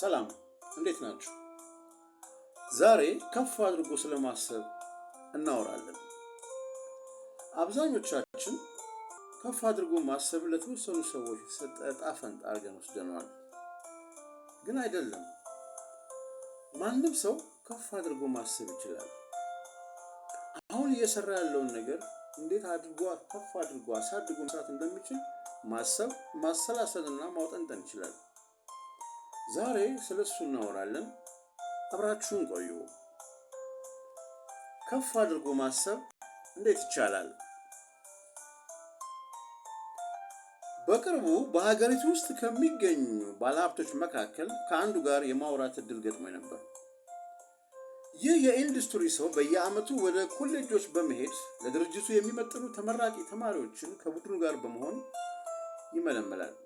ሰላም እንዴት ናችሁ? ዛሬ ከፍ አድርጎ ስለማሰብ እናወራለን። አብዛኞቻችን ከፍ አድርጎ ማሰብ ለተወሰኑ ሰዎች የተሰጠ ዕጣ ፈንታ አድርገን ወስደነዋል። ግን አይደለም። ማንም ሰው ከፍ አድርጎ ማሰብ ይችላል። አሁን እየሰራ ያለውን ነገር እንዴት አድርጎ ከፍ አድርጎ አሳድጎ መስራት እንደሚችል ማሰብ ማሰላሰልና ማውጠንጠን ይችላል። ዛሬ ስለ እሱ እናወራለን። አብራችሁን ቆዩ። ከፍ አድርጎ ማሰብ እንዴት ይቻላል? በቅርቡ በሀገሪቱ ውስጥ ከሚገኙ ባለሀብቶች መካከል ከአንዱ ጋር የማውራት እድል ገጥሞኝ ነበር። ይህ የኢንዱስትሪ ሰው በየዓመቱ ወደ ኮሌጆች በመሄድ ለድርጅቱ የሚመጥኑ ተመራቂ ተማሪዎችን ከቡድኑ ጋር በመሆን ይመለመላል።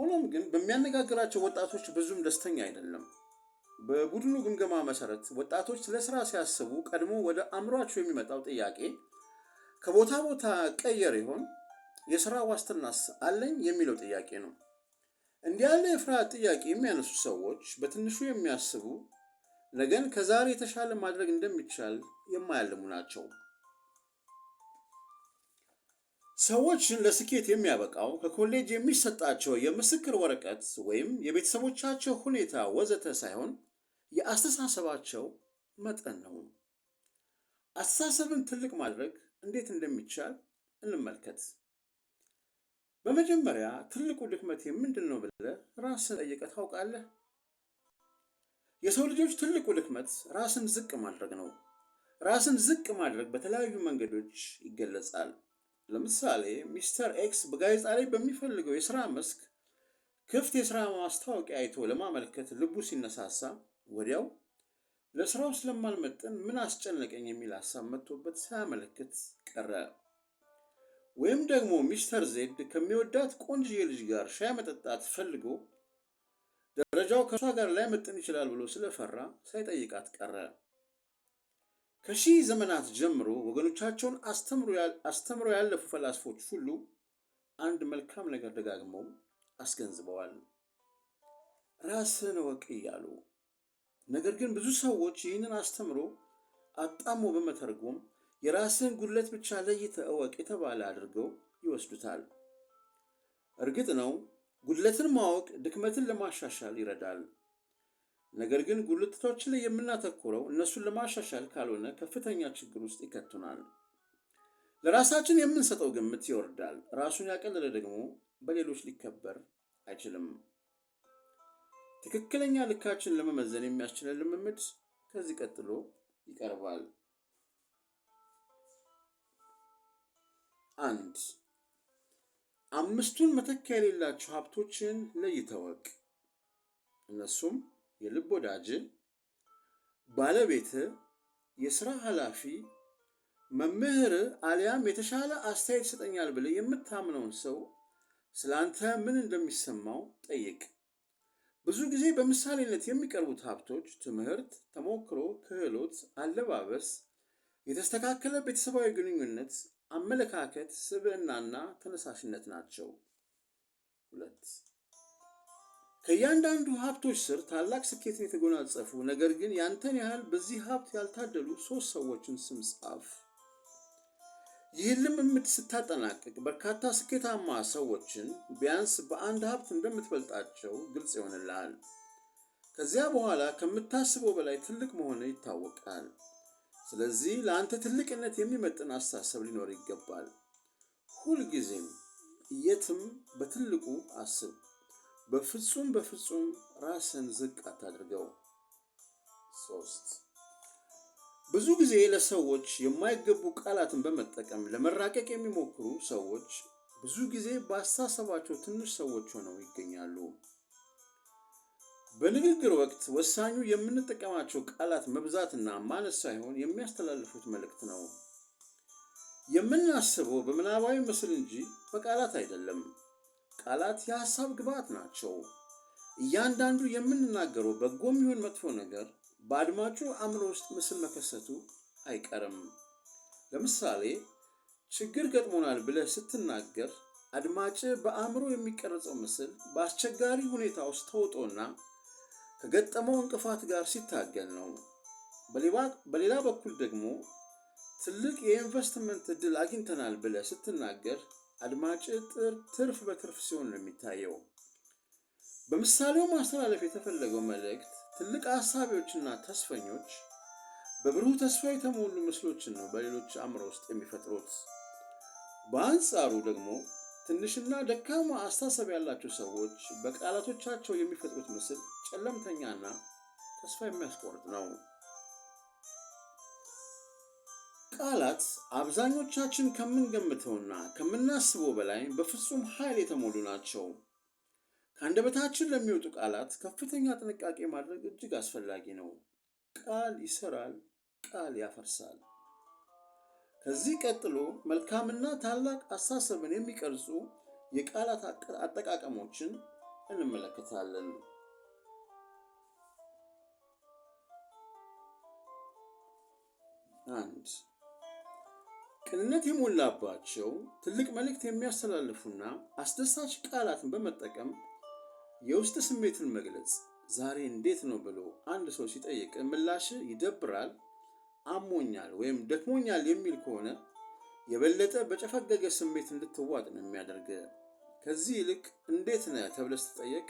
ሆኖም ግን በሚያነጋግራቸው ወጣቶች ብዙም ደስተኛ አይደለም። በቡድኑ ግምገማ መሰረት ወጣቶች ለስራ ሲያስቡ ቀድሞ ወደ አእምሯቸው የሚመጣው ጥያቄ ከቦታ ቦታ ቀየር ይሆን፣ የስራ ዋስትናስ አለኝ የሚለው ጥያቄ ነው። እንዲህ ያለ የፍርሃት ጥያቄ የሚያነሱ ሰዎች በትንሹ የሚያስቡ ነገን ከዛሬ የተሻለ ማድረግ እንደሚቻል የማያልሙ ናቸው። ሰዎችን ለስኬት የሚያበቃው ከኮሌጅ የሚሰጣቸው የምስክር ወረቀት ወይም የቤተሰቦቻቸው ሁኔታ ወዘተ ሳይሆን የአስተሳሰባቸው መጠን ነው። አስተሳሰብን ትልቅ ማድረግ እንዴት እንደሚቻል እንመልከት። በመጀመሪያ ትልቁ ድክመቴ ምንድን ነው ብለህ ራስን ጠይቀህ ታውቃለህ? የሰው ልጆች ትልቁ ድክመት ራስን ዝቅ ማድረግ ነው። ራስን ዝቅ ማድረግ በተለያዩ መንገዶች ይገለጻል። ለምሳሌ ሚስተር ኤክስ በጋዜጣ ላይ በሚፈልገው የሥራ መስክ ክፍት የሥራ ማስታወቂያ አይቶ ለማመልከት ልቡ ሲነሳሳ ወዲያው ለሥራው ስለማልመጥን ምን አስጨነቀኝ የሚል ሐሳብ መጥቶበት ሳያመለክት ቀረ። ወይም ደግሞ ሚስተር ዜድ ከሚወዳት ቆንጅዬ ልጅ ጋር ሻይ መጠጣት ፈልጎ ደረጃው ከእሷ ጋር ላይመጥን ይችላል ብሎ ስለፈራ ሳይጠይቃት ቀረ። ከሺህ ዘመናት ጀምሮ ወገኖቻቸውን አስተምረው ያለፉ ፈላስፎች ሁሉ አንድ መልካም ነገር ደጋግመው አስገንዝበዋል። ራስን እወቅ እያሉ ነገር ግን ብዙ ሰዎች ይህንን አስተምሮ አጣሞ በመተርጎም የራስን ጉድለት ብቻ ለይተ እወቅ የተባለ አድርገው ይወስዱታል። እርግጥ ነው ጉድለትን ማወቅ ድክመትን ለማሻሻል ይረዳል። ነገር ግን ጉልትቶችን ላይ የምናተኩረው እነሱን ለማሻሻል ካልሆነ ከፍተኛ ችግር ውስጥ ይከቱናል። ለራሳችን የምንሰጠው ግምት ይወርዳል። ራሱን ያቀለለ ደግሞ በሌሎች ሊከበር አይችልም። ትክክለኛ ልካችን ለመመዘን የሚያስችለን ልምምድ ከዚህ ቀጥሎ ይቀርባል። አንድ አምስቱን መተኪያ የሌላቸው ሀብቶችን ለይተወቅ እነሱም የልብ ወዳጅ፣ ባለቤት፣ የስራ ኃላፊ፣ መምህር አሊያም የተሻለ አስተያየት ይሰጠኛል ብለህ የምታምነውን ሰው ስለ አንተ ምን እንደሚሰማው ጠይቅ። ብዙ ጊዜ በምሳሌነት የሚቀርቡት ሀብቶች ትምህርት፣ ተሞክሮ፣ ክህሎት፣ አለባበስ፣ የተስተካከለ ቤተሰባዊ ግንኙነት፣ አመለካከት፣ ስብዕናና ተነሳሽነት ናቸው። ሁለት ከእያንዳንዱ ሀብቶች ስር ታላቅ ስኬትን የተጎናጸፉ ነገር ግን ያንተን ያህል በዚህ ሀብት ያልታደሉ ሶስት ሰዎችን ስም ጻፍ። ይህን ልምምድ ስታጠናቅቅ በርካታ ስኬታማ ሰዎችን ቢያንስ በአንድ ሀብት እንደምትበልጣቸው ግልጽ ይሆንልሃል። ከዚያ በኋላ ከምታስበው በላይ ትልቅ መሆን ይታወቃል። ስለዚህ ለአንተ ትልቅነት የሚመጥን አስተሳሰብ ሊኖር ይገባል። ሁልጊዜም የትም በትልቁ አስብ። በፍጹም በፍጹም ራስን ዝቅ አታድርገው። ሶስት ብዙ ጊዜ ለሰዎች የማይገቡ ቃላትን በመጠቀም ለመራቀቅ የሚሞክሩ ሰዎች ብዙ ጊዜ በአስተሳሰባቸው ትንሽ ሰዎች ሆነው ይገኛሉ። በንግግር ወቅት ወሳኙ የምንጠቀማቸው ቃላት መብዛትና ማነስ ሳይሆን የሚያስተላልፉት መልእክት ነው። የምናስበው በምናባዊ ምስል እንጂ በቃላት አይደለም። ቃላት የሐሳብ ግብዓት ናቸው። እያንዳንዱ የምንናገረው በጎ የሚሆን መጥፎ ነገር በአድማጩ አእምሮ ውስጥ ምስል መከሰቱ አይቀርም። ለምሳሌ ችግር ገጥሞናል ብለህ ስትናገር አድማጭ በአእምሮ የሚቀረጸው ምስል በአስቸጋሪ ሁኔታ ውስጥ ተውጦና ከገጠመው እንቅፋት ጋር ሲታገል ነው። በሌላ በኩል ደግሞ ትልቅ የኢንቨስትመንት እድል አግኝተናል ብለህ ስትናገር አድማጭ ትርፍ በትርፍ ሲሆን ነው የሚታየው። በምሳሌው ማስተላለፍ የተፈለገው መልእክት ትልቅ ሀሳቢዎችና ተስፈኞች በብሩህ ተስፋ የተሞሉ ምስሎችን ነው በሌሎች አእምሮ ውስጥ የሚፈጥሩት። በአንጻሩ ደግሞ ትንሽና ደካማ አስተሳሰብ ያላቸው ሰዎች በቃላቶቻቸው የሚፈጥሩት ምስል ጨለምተኛና ተስፋ የሚያስቆርጥ ነው። ቃላት አብዛኞቻችን ከምንገምተውና ከምናስበው በላይ በፍጹም ኃይል የተሞሉ ናቸው። ከአንደበታችን ለሚወጡ ቃላት ከፍተኛ ጥንቃቄ ማድረግ እጅግ አስፈላጊ ነው። ቃል ይሰራል፣ ቃል ያፈርሳል። ከዚህ ቀጥሎ መልካምና ታላቅ አስተሳሰብን የሚቀርጹ የቃላት አጠቃቀሞችን እንመለከታለን። አንድ ቅንነት የሞላባቸው ትልቅ መልእክት የሚያስተላልፉና አስደሳች ቃላትን በመጠቀም የውስጥ ስሜትን መግለጽ ዛሬ እንዴት ነው ብሎ አንድ ሰው ሲጠይቅ ምላሽ ይደብራል፣ አሞኛል ወይም ደክሞኛል የሚል ከሆነ የበለጠ በጨፈገገ ስሜት እንድትዋጥ ነው የሚያደርገ። ከዚህ ይልቅ እንዴት ነህ ተብለህ ስትጠየቅ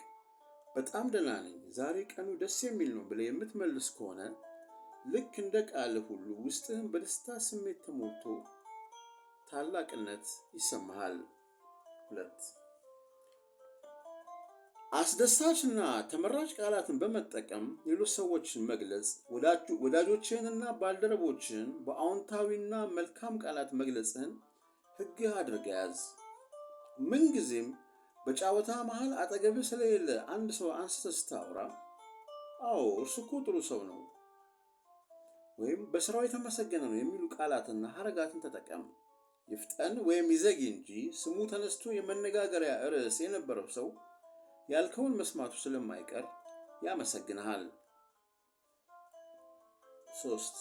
በጣም ደህና ነኝ፣ ዛሬ ቀኑ ደስ የሚል ነው ብለህ የምትመልስ ከሆነ ልክ እንደ ቃል ሁሉ ውስጥህን በደስታ ስሜት ተሞልቶ ታላቅነት ይሰማሃል። ሁለት አስደሳችና ተመራጭ ቃላትን በመጠቀም ሌሎች ሰዎችን መግለጽ ወዳጆችህንና ባልደረቦችን በአዎንታዊና መልካም ቃላት መግለጽህን ሕግህ አድርገ ያዝ። ምንጊዜም በጫወታ መሃል አጠገብህ ስለሌለ አንድ ሰው አንስተህ ስታወራ አዎ እርሱ እኮ ጥሩ ሰው ነው ወይም በስራው የተመሰገነ ነው የሚሉ ቃላትና ሀረጋትን ተጠቀም። ይፍጠን ወይም ይዘግ እንጂ ስሙ ተነስቶ የመነጋገሪያ ርዕስ የነበረው ሰው ያልከውን መስማቱ ስለማይቀር ያመሰግንሃል። ሶስት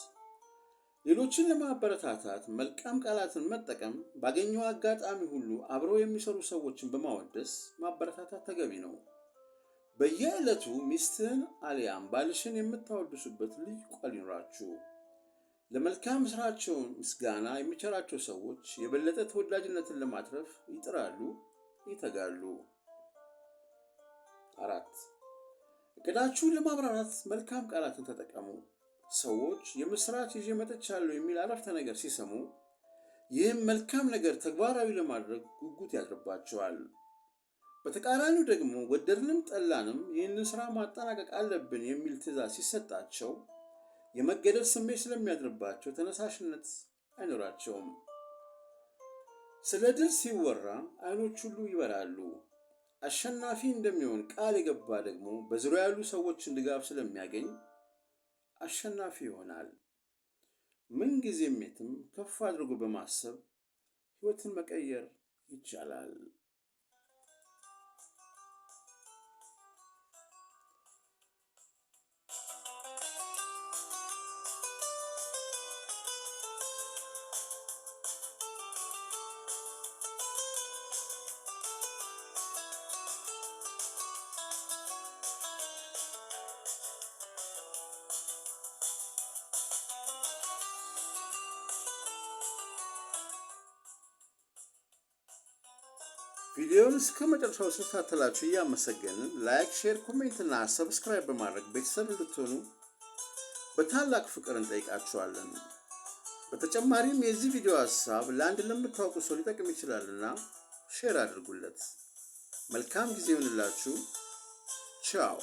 ሌሎችን ለማበረታታት መልካም ቃላትን መጠቀም ባገኘው አጋጣሚ ሁሉ አብረው የሚሰሩ ሰዎችን በማወደስ ማበረታታት ተገቢ ነው። በየዕለቱ ሚስትህን አሊያም ባልሽን የምታወድሱበት ልዩ ቃል ይኖራችሁ? ለመልካም ስራቸው ምስጋና የሚቸራቸው ሰዎች የበለጠ ተወዳጅነትን ለማትረፍ ይጥራሉ፣ ይተጋሉ። አራት እቅዳችሁን ለማብራራት መልካም ቃላትን ተጠቀሙ። ሰዎች የምስራች ይዤ መጥቻለሁ የሚል አረፍተ ነገር ሲሰሙ ይህም መልካም ነገር ተግባራዊ ለማድረግ ጉጉት ያድርባቸዋል። በተቃራኒው ደግሞ ወደድንም ጠላንም ይህንን ስራ ማጠናቀቅ አለብን የሚል ትዕዛዝ ሲሰጣቸው የመገደል ስሜት ስለሚያድርባቸው ተነሳሽነት አይኖራቸውም። ስለ ድል ሲወራ አይኖች ሁሉ ይበራሉ። አሸናፊ እንደሚሆን ቃል የገባ ደግሞ በዙሪያ ያሉ ሰዎችን ድጋፍ ስለሚያገኝ አሸናፊ ይሆናል። ምንጊዜም የትም ከፍ አድርጎ በማሰብ ሕይወትን መቀየር ይቻላል። ቪዲዮውን እስከ መጨረሻው ስታተላችሁ እያመሰገንን ላይክ፣ ሼር፣ ኮሜንት እና ሰብስክራይብ በማድረግ ቤተሰብ እንድትሆኑ በታላቅ ፍቅር እንጠይቃችኋለን። በተጨማሪም የዚህ ቪዲዮ ሀሳብ ለአንድ ለምታውቁ ሰው ሊጠቅም ይችላልና ሼር አድርጉለት። መልካም ጊዜ ይሁንላችሁ። ቻው